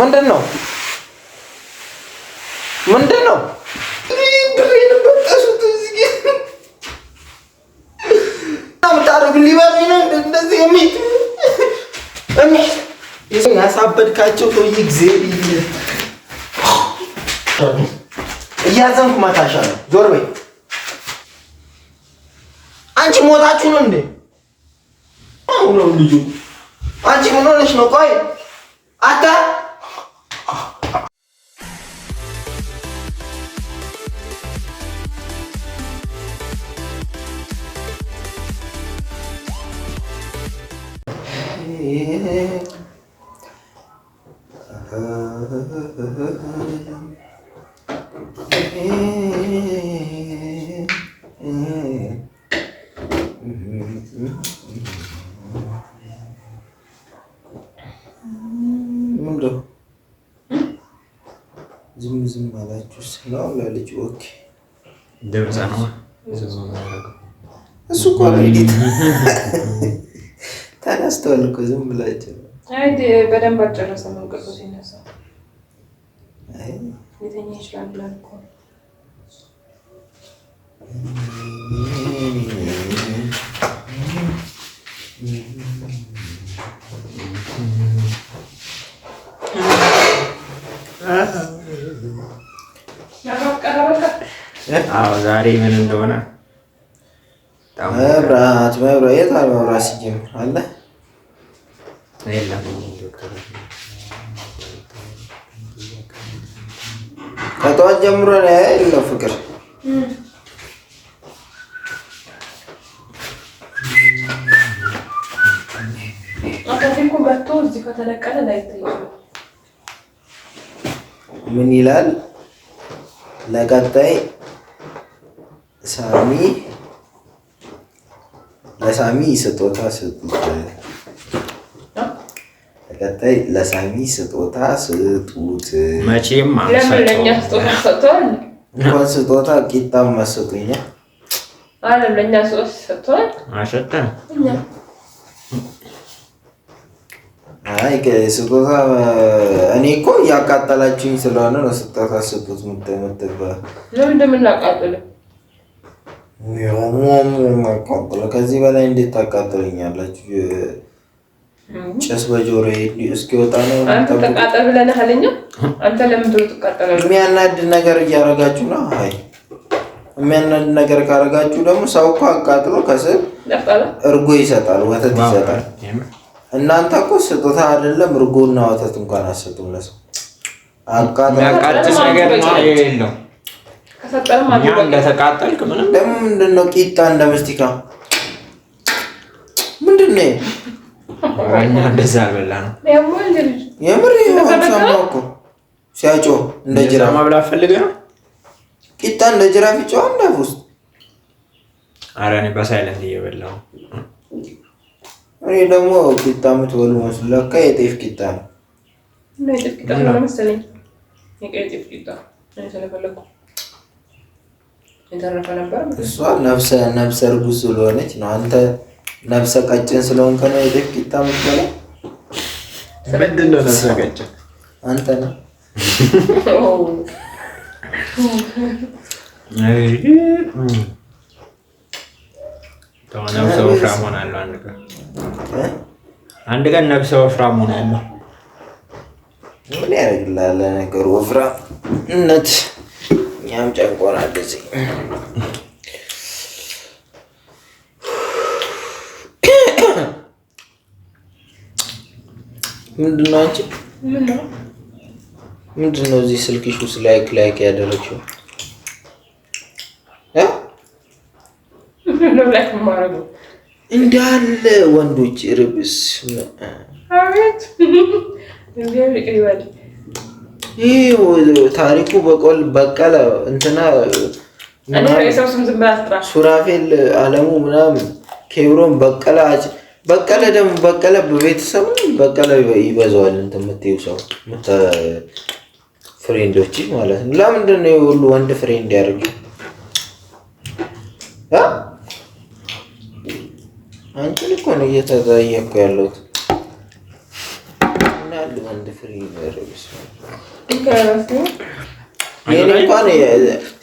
ምንድን ነው ምንድን ነው? ያሳበድካቸው ሰውዬ ጊዜ እያዘንኩ ማታሻ ነው። ዞር በይ አንቺ። ሞታችሁ ነው እንዴ? አሁን ልጁ አንቺ ምን ሆነሽ ነው? ቆይ አታ ምንድነው? ዝም ዝም አላችሁ ነው ለልጅ ኦኬ ደብዛ ነው እሱ እኮ ተነስተዋል እኮ ዝም ብላችሁ በደንብ አጨረሰ ነው ቅርጹ ሲነሳ የተኛ ይችላል ብላል እኮ አዎ ዛሬ ምን እንደሆነ መብራት መብራት የት አለ መብራት ሲጀምር አለ ከጠዋት ጀምሮ የለው ፍቅር ምን ይላል ለቀጣይ ሳሚ ለሳሚ ስጦታ ስጡት። ተከታይ ለሳሚ ስጦታ ስጡት። መቼም እንኳን ስጦታ ቂጣም መስጡኛ አለም ለእኛ ሶስት ሰጥቷል። አይ ስጦታ እኔ እኮ እያቃጠላችሁኝ ስለሆነ ነው ስጦታ ስጡት ምትባ ለምንድን የምናቃጥለው ማቃጥለው ከዚህ በላይ እንዴት ታቃጥለኛላችሁ? ጭስ በጆሮዬ እስኪወጣ ነው። ተቃጠል ትቃጠላለህ? የሚያናድድ ነገር እያደረጋችሁ ነው። አይ የሚያናድድ ነገር ካደረጋችሁ ደግሞ ሰው እኮ አቃጥሎ ከስብ እርጎ ይሰጣል፣ ወተት ይሰጣል። እናንተ እኮ ስጦታ አይደለም እርጎና ወተት እንኳን አሰጡም ለሰው አቃጥሎ እንደተቃጠልክ ምንም ደግሞ ምንድን ነው ቂጣ እንደ መስቲካ ምንድን ነው እንደዛ አልበላ ነው የምር ሰማሁ እኮ እንደ ነው ቂጣ እንደ ጅራፍ ይጮሃል እንዳፍ እኔ በሳይለንት እየበላው እኔ ደግሞ ቂጣ የምትበሉ መስሎኝ ለካ የጤፍ ቂጣ ነው ቂጣ መሰለኝ የጤፍ ቂጣ ስለፈለኩ የተረፈ ነበር። እሷ ነፍሰ ነፍሰ እርጉዝ ስለሆነች ነው። አንተ ነፍሰ ቀጭን ስለሆንክ ነው። የደግ ይታመገለ ምንድን ነው ነፍሰ ቀጭን አንተ ነው። ነፍሰ ወፍራም ሆናለሁ አንድ ቀን አንድ ቀን ነፍሰ ወፍራም ሆናለሁ። ምን ያደርግልሃል? ነገሩ ወፍራምነት እኛም ጨንቆናል እዚህ ምንድን ነው አንቺ ምንድን ነው እዚህ ስልክሽ ውስጥ ላይክ ላይክ ያደረችው? እንዳለ ወንዶች ርብስ ይህ ታሪኩ በቆል በቀለ እንትና ሱራፌል አለሙ ምናምን ኬብሮን በቀለ በቀለ ደግሞ በቀለ በቤተሰቡ በቀለ ይበዛዋል። እንትን የምትይው ሰው ፍሬንዶች ማለት ነው። ለምንድን ነው የሁሉ ወንድ ፍሬንድ ያደርጉ? አንቺን እኮ ነው እየተጠየቅኩ ያለሁት እና ወንድ ፍሬንድ ያደርግ የኔ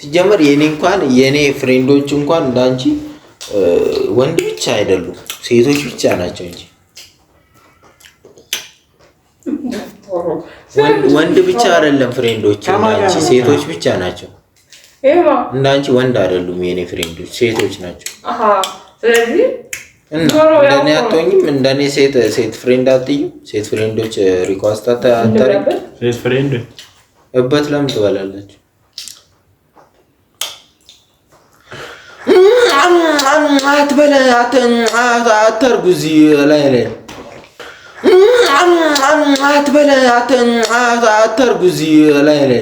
ሲጀመር የኔ እንኳን የኔ ፍሬንዶች እንኳን እንዳንቺ ወንድ ብቻ አይደሉም፣ ሴቶች ብቻ ናቸው እንጂ ወንድ ብቻ አይደለም። ፍሬንዶች እንዳንቺ ሴቶች ብቻ ናቸው። እንዳንቺ ወንድ አይደሉም የኔ ፍሬንዶች፣ ሴቶች ናቸው። ስለዚህ እንደኔ አትሆኝም። እንደኔ ሴት ሴት ፍሬንድ አትዩ። ሴት ፍሬንዶች ሪኳስት አታረግ። ሴት ፍሬንድ እበት ለምን ትበላለች? አትበላ አተርጉ እዚህ ላይ ላይ አትበላ አተርጉ እዚህ ላይ ላይ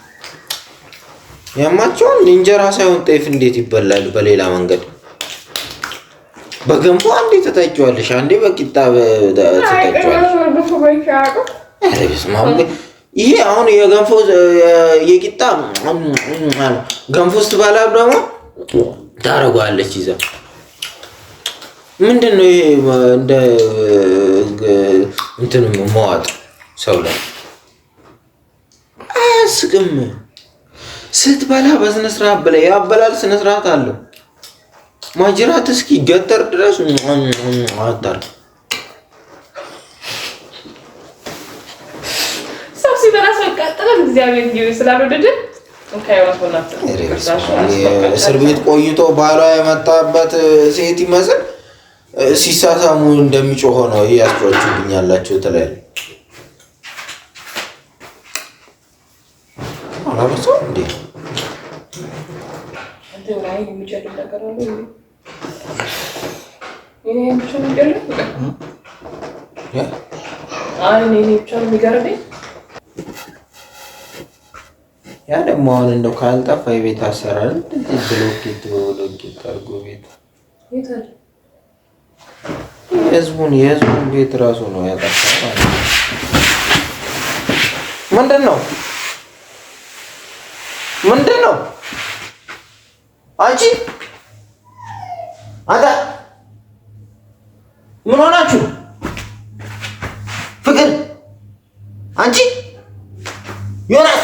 ያማቸውን እንጀራ ሳይሆን ጤፍ እንዴት ይበላል? በሌላ መንገድ በገንፎ አንዴ ተጠጪዋለሽ፣ አንዴ በቂጣ ተጠጪዋለሽ። ይሄ አሁን የገንፎ የቂጣ ገንፎ ስትበላ ደግሞ ታደርገዋለች ይዘ ምንድን ነው ይሄ እንደ እንትን መዋጥ ሰው ላይ አያስቅም። ስትበላ በስነ ስርዓት ብላ። ያበላል ስነ ስርዓት አለው። ማጅራት እስኪ ገጠር ድረስ አጣር እግዚአብሔር እስር ቤት ቆይቶ ባሏ የመጣበት ሴት ይመስል ሲሳሳሙ እንደሚጮሆ ነው ብኛላቸው የተለያዩ ያ ደግሞ አሁን እንደው ካልጠፋ የቤት አሰራር ብሎኬት ብሎኬት አድርጎ ቤት የህዝቡን የህዝቡን ቤት ራሱ ነው ያጠፋ ምንድን ነው ምንድን ነው አንቺ አንተ ምን ሆናችሁ? ፍቅር አንቺ ዮናስ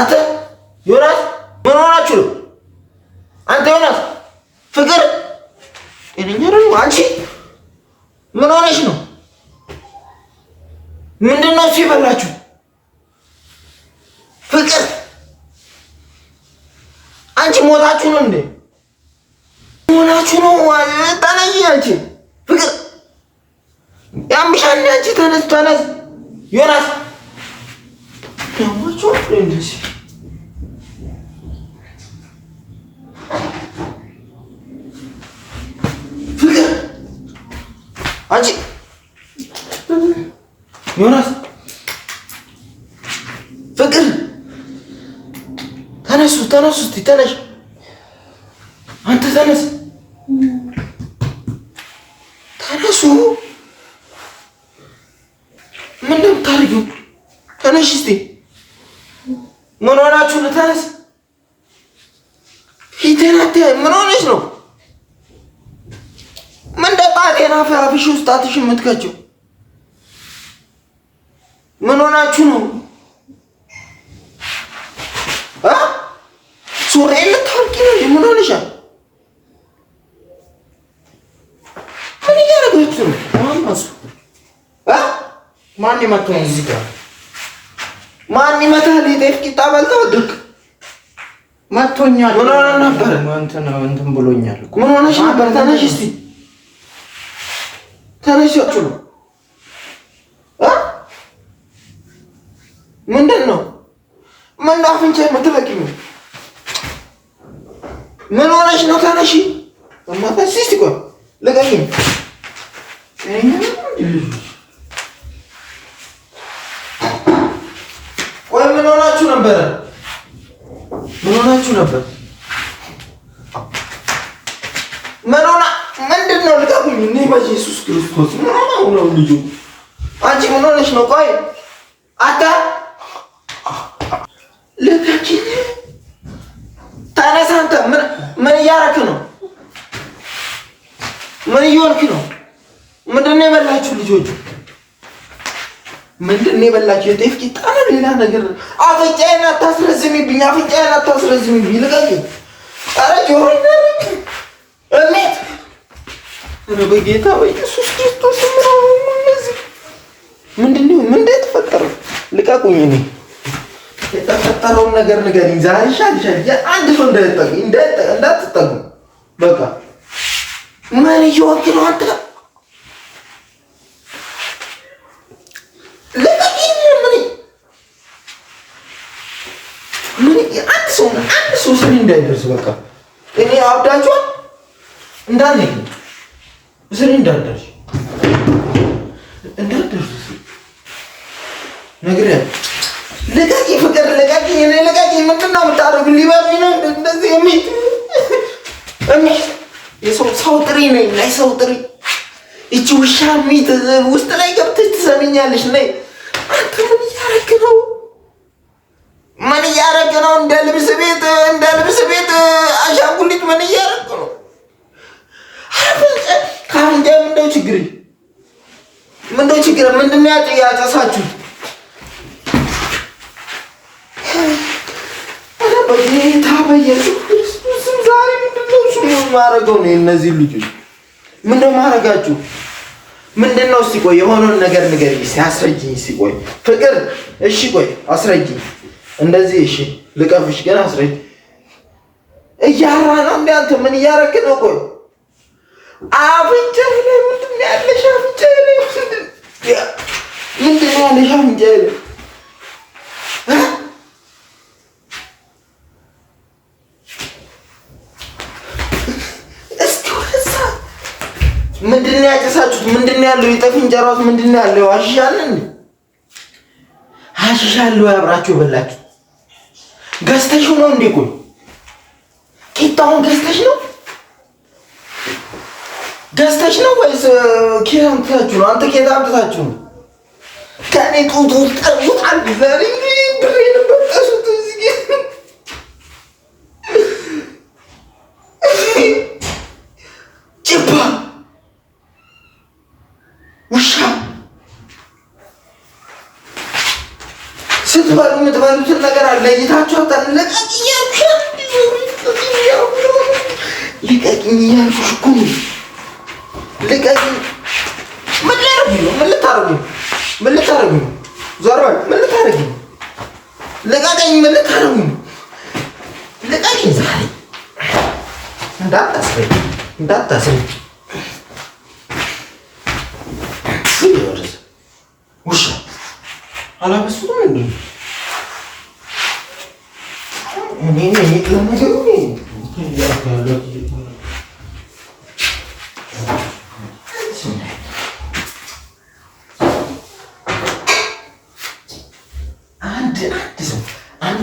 አንተ ዮናስ ምን ሆናችሁ? አንተ ዮናስ ፍቅር እኔኛ ደግሞ አንቺ ምን ሆነሽ ነው? ምንድን ነው እሱ ይበላችሁ? ፍቅር አንቺ ሞታችሁ ነው እንዴ? ሁላችኑ ተነሽ አንቺ ፍቅር ያምሻል። አንቺ ተነስ ተነስ። ዮናስ ደሞቹ እንደዚህ ፍቅር አንቺ ዮናስ ፍቅር ተነሱ ተነሱ ተነሽ አንተ ተነስ የምታደርጊው? ተነሽ እስቲ። ምን ሆናችሁ? ልተነስ። ፊቴን አትያይም። ምን ሆነሽ ነው? ምን ደጣጤና አፍሽ ውስጥ ጣትሽ የምትከችው? ምን ሆናችሁ ነው? ማን ይመታል? እዚህ ጋር ማን ይመታል? የጤፍ ቂጣ በልተው ድርቅ መቶኛል። ምን ሆነህ ነበር? እንትን ብሎኛል። ምን ሆነሽ ነበር? ተነሽ እስቲ ተነሽ። ጭሉ ምንድን ነው? ምን ነው አፍንጫ የምትበቂኝ? ምን ሆነሽ ነው? ተነሽ እማታ። እስቲ ቆይ ልቀቂኝ ነበረ? ምን ሆናችሁ ነበር? ምን ሆና ምንድን ነው? ልቀቁኝ! እኔ በኢየሱስ ክርስቶስ ምን ሆነው ነው? ልጁ አንቺ ምን ሆነሽ ነው? ቆይ አታ ልቀቂኝ! ተነሳ! አንተ ምን እያረክ ነው? ምን እየሆንክ ነው? ምንድን ነው የበላችሁ ልጆቹ? ምንድን ነው የበላችሁ? የጤፍ ቂጣ ነው ሌላ ነገር? አፍንጫዬን አታስረዝሚብኝ! አፍንጫዬን አታስረዝሚብኝ! ልቀቂኝ! ኧረ ጆሮ እሜት ኧረ በጌታ በኢየሱስ ክርስቶስ ምንድን ነው ምንድን ነው የተፈጠረው? ልቀቁኝ! እኔ የተፈጠረውን ነገር ንገሪኝ። ዛሬ ሻል አንድ ሰው እንዳትጠጉ፣ እንዳትጠጉ። በቃ ምን እየወክ ነው አንተ ሶስት እንዳይደርስ በቃ እኔ አብዳችኋል እንዳለ እስሪ እንዳደርሽ እንዳደርሽ ነግሬ ልቀቂ፣ ፍቅር ልቀቂ፣ እኔ ልቀቂ። ምንድን ነው የምታደርጉ? ሊበሉኝ ነው እንደዚህ የሚት የሚት የሰው ሰው ጥሪ ነኝ ላይ ሰው ጥሪ ይቺ ውሻ ሚት ውስጥ ላይ ትሰሚኛለሽ። ነይ አንተ ምን ነው? ምን እያረግ ነው? እንደ ልብስ ቤት እንደ ልብስ ቤት አሻንጉሊት ምን እያረግ ነው? ካፍንጫ ምንደው ችግር ምንደው ችግር ምንድን ያጨሳችሁ በጌታ በኢየሱስ ክርስቶስም ዛሬ ምንድነው እሱ ማረገው ነው? እነዚህ ልጆች ምንድነው ማረጋችሁ? ምንድን ነው? ቆይ የሆነውን ነገር ንገሪኝ፣ አስረጅኝ። እስኪ ቆይ ፍቅር፣ እሺ ቆይ አስረጅኝ። እንደዚህ እሺ፣ ልቀፍሽ ግን አስረኝ። እያራ ነው እንደ አንተ ምን እያረክ ነው? ቆይ አፍንጫዬ ላይ ምንድን ነው ያለሽ? አፍንጫዬ ላይ ምንድን ነው ያለሽ? አፍንጫዬ ላይ ምንድን ነው ያጨሳችሁት? ምንድን ነው ያለው? የጠፍ እንጀራውስ ምንድን ነው ያለው? አሽሻለን፣ አሽሻለሁ። አብራችሁ በላችሁ ገዝተሽ ነው እንዴ? ቆይ ቂጣውን ገዝተሽ ነው ገዝተሽ ነው ወይስ ኬት አምጥታችሁ ነው? አንተ ኬት አምጥታችሁ ነው? ከእኔ ጡት ውስጥ ውጣ ዘሪ የምትበሉትን ነገር ለይታችሁ ልቀቂኝ እያልኩሽ እኮ ልቀቂኝ። ምን ላደርግ ነው? ምን ልታደርግ ነው? ምን ልታደርግ ነው? ዞር በል። ምን ልታደርግ ነው? ልቀቂኝ። ምን ልታደርግ ነው? ዛሬ እንዳታስረኝ፣ እንዳታስረኝ። ውሻ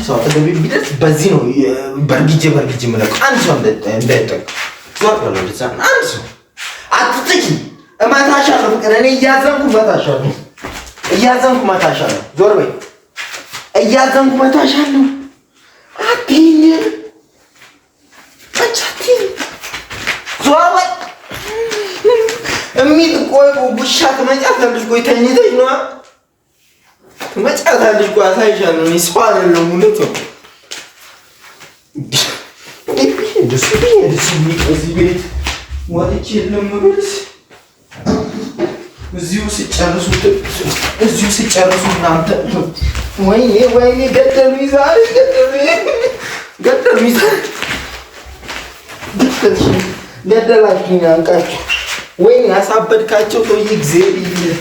ሰው አጠገቤ በዚህ ነው በርግጄ በርግጄ የምለቀው። አንድ ሰው እንዳይጠቅ አንድ ሰው አትጥቂ። እመታሻለሁ ፍቅር፣ እኔ እያዘንኩ እመታሻለሁ፣ እያዘንኩ እመታሻለሁ። ዞር በይ፣ እያዘንኩ እመታሻለሁ እሚጥ ቆይ ጉሻ ትመጫታለሽ። ቆይ ተኝተሽ ነዋ ትመጫታለሽ። ቆይ አሳይሻለሁ። እኔ ሰው አይደለሁም። እውነት ነው። ቤት ወጥቼ ልምብስ እዚሁ ሲጨርሱት እዚሁ ሲጨርሱ እናንተ ወይኔ ወይኔ ገደሉ ይዛል ገደሉ ይዛል ገደላችሁ ያንቃችሁ ወይኔ ያሳበድካቸው ሰውዬ ጊዜ ይል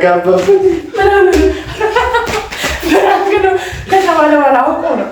የተጋባው ከተባለ በኋላ አውቆ ነው።